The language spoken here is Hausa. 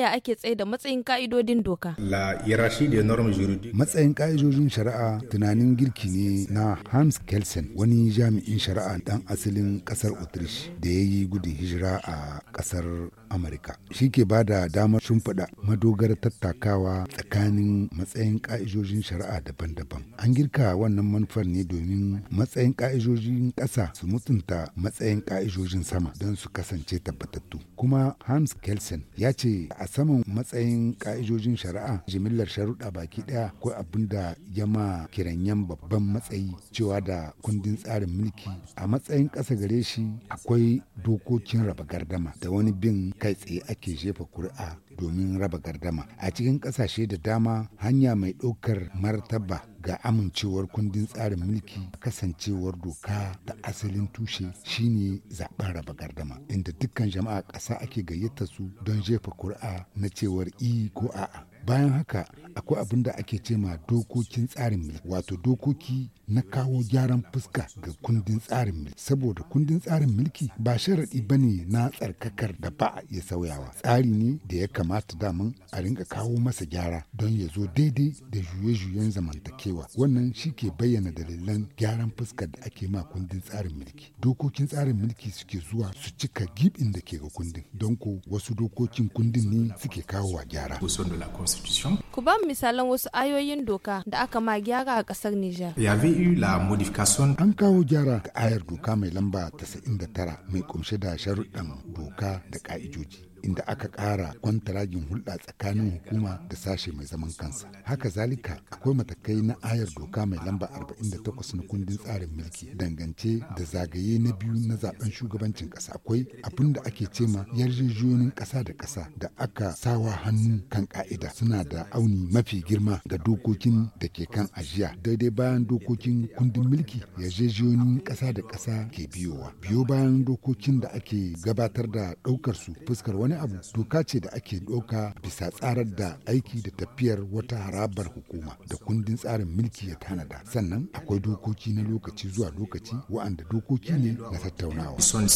yaya ake tsaye da matsayin ka'idodin doka? Matsayin ka'idodin shari'a tunanin girki ne na Hans Kelsen wani jami'in shari'a dan asalin kasar otrish da ya yi gudun hijira a kasar Amurka. Shi ke ba da damar shimfiɗa madogar tattakawa tsakanin matsayin ka'idodin shari'a daban-daban. An girka wannan manufar ne domin matsayin ka'idodin ƙasa su mutunta matsayin ka'idodin sama don su kasance tabbatattu. kuma Hans Kelsen ya ce a saman matsayin ka'ijojin shari'a jimillar sharuɗa baki ɗaya ko abin da ya ma kiranyen babban matsayi cewa da kundin tsarin mulki a matsayin ƙasa gare shi akwai dokokin raba gardama da wani bin kai tsaye ake jefa kuri'a domin raba gardama a cikin ƙasashe da dama hanya mai ɗaukar martaba ga amincewar kundin tsarin mulki kasancewar doka da asalin tushe shine zaben raba gardama inda dukkan jama'a ƙasa ake gayyata su don jefa kur'a na cewar i ko a'a bayan haka akwai abin da ake cema dokokin tsarin mil wato dokoki na kawo gyaran fuska ga kundin tsarin mil saboda kundin tsarin mulki ba sharaɗi ba ne na tsarkakar da ba a iya sauyawa tsari ne da ya kamata daman a rinka kawo masa gyara don ya zo daidai da juye-juyen zamantakewa wannan shi ke bayyana dalilan gyaran fuska da ake ma kundin tsarin mulki dokokin tsarin mulki suke zuwa su cika gibin da ke ga kundin don ko wasu dokokin kundin ne suke kawo wa gyara kan misalan wasu ayoyin doka da aka ma gyara a kasar Nijar. Ya VU la modification. An kawo gyara ga ayar doka mai lamba 99 mai kumshe da sharuɗan doka da ka'ijoji. inda aka ƙara kwantaragin hulɗa tsakanin hukuma da sashe mai zaman kansa. Haka zalika akwai matakai na ayar doka mai lamba 48 na kundin tsarin mulki dangance da zagaye na biyu na zaben shugabancin ƙasa. Akwai abin da ake cema yarjejiyoyin ƙasa da ƙasa da aka sawa hannu kan ƙa'ida suna da auni mafi girma ga dokokin da ke kan ajiya daidai bayan dokokin kundin mulki yarjejiyoyin ƙasa da ƙasa ke biyowa. Biyo bayan dokokin da ake gabatar da ɗaukar su fuskar wani wani abu doka ce da ake ɗauka bisa tsarar da aiki da tafiyar wata harabar hukuma da kundin tsarin mulki ya tanada sannan akwai dokoki na lokaci zuwa lokaci wa'anda dokoki ne na tattaunawa.